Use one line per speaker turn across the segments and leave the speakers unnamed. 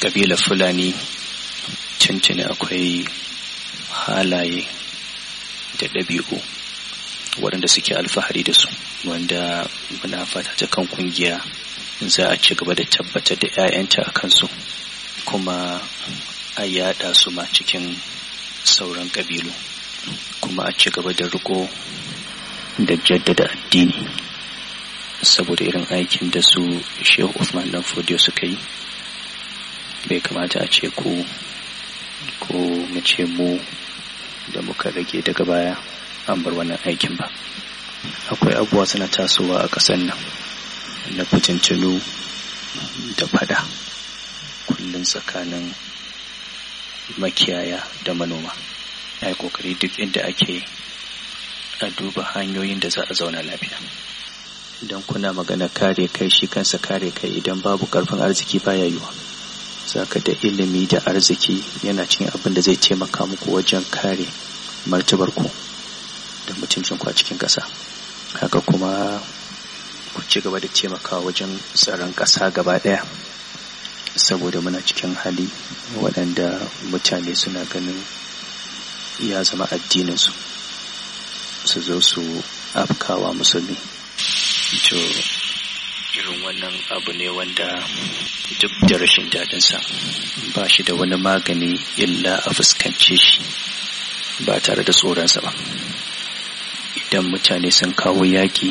ƙabilar fulani cancani akwai halaye da ɗabi'u waɗanda suke alfahari da su wanda muna fata ta kan kungiya za a ci gaba da tabbatar da 'ya'yanta a kansu kuma a yada su ma cikin sauran ƙabilu kuma a ci gaba da riko da jaddada addini saboda irin aikin da su shehu Usman dan Fodiyo suka yi bai kamata a ce ku ko mu ce mu da muka rage daga baya an bar wannan aikin ba akwai abuwa suna tasowa a ƙasar nan na fitintunu da fada kullum tsakanin makiyaya da manoma ya yi kokari duk inda ake a duba hanyoyin da za a zauna lafiya idan kuna magana kare kai shi kansa kare kai idan babu karfin arziki baya yiwa zaka da ilimi da arziki yana cikin abin da zai taimaka muku wajen kare martabar ku da ku a cikin ƙasa haka kuma ku ci gaba da taimaka wajen tsaron ƙasa gaba ɗaya saboda muna cikin hali waɗanda mutane suna ganin ya zama addininsu su zo su afkawa musulmi to irin wannan abu ne wanda duk da rashin sa ba shi da wani magani illa a fuskance shi ba tare da tsoronsa ba idan mutane sun kawo yaƙi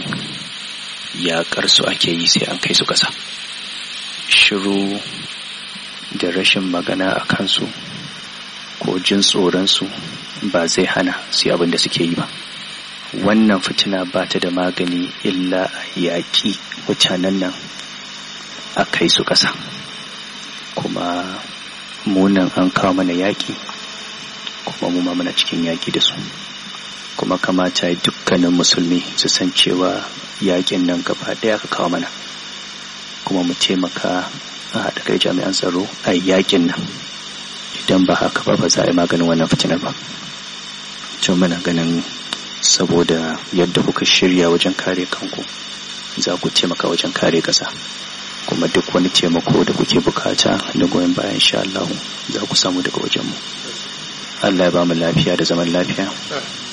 yaƙar su ake yi sai an kai su ƙasa shiru da rashin magana a kansu ko jin tsoronsu ba zai hana su abin da suke yi ba wannan fitina ba ta da magani illa yaƙi mutanen nan a kai su ƙasa kuma munan an kawo mana yaƙi kuma mu ma muna cikin yaƙi da su kuma kamata dukkanin musulmi su san cewa yaƙin nan gaba ɗaya ka kawo mana kuma mu taimaka a haɗa kai jami'an tsaro a yaƙin nan idan ba haka ba ba za a yi maganin wannan fitinar ba to muna ganin saboda yadda kuka shirya wajen kare kanku za ku taimaka wajen kare ƙasa kuma duk wani taimako da kuke bukata da goyon bayan sha Allah za ku samu daga wajenmu Allah ya ba mu lafiya da zaman lafiya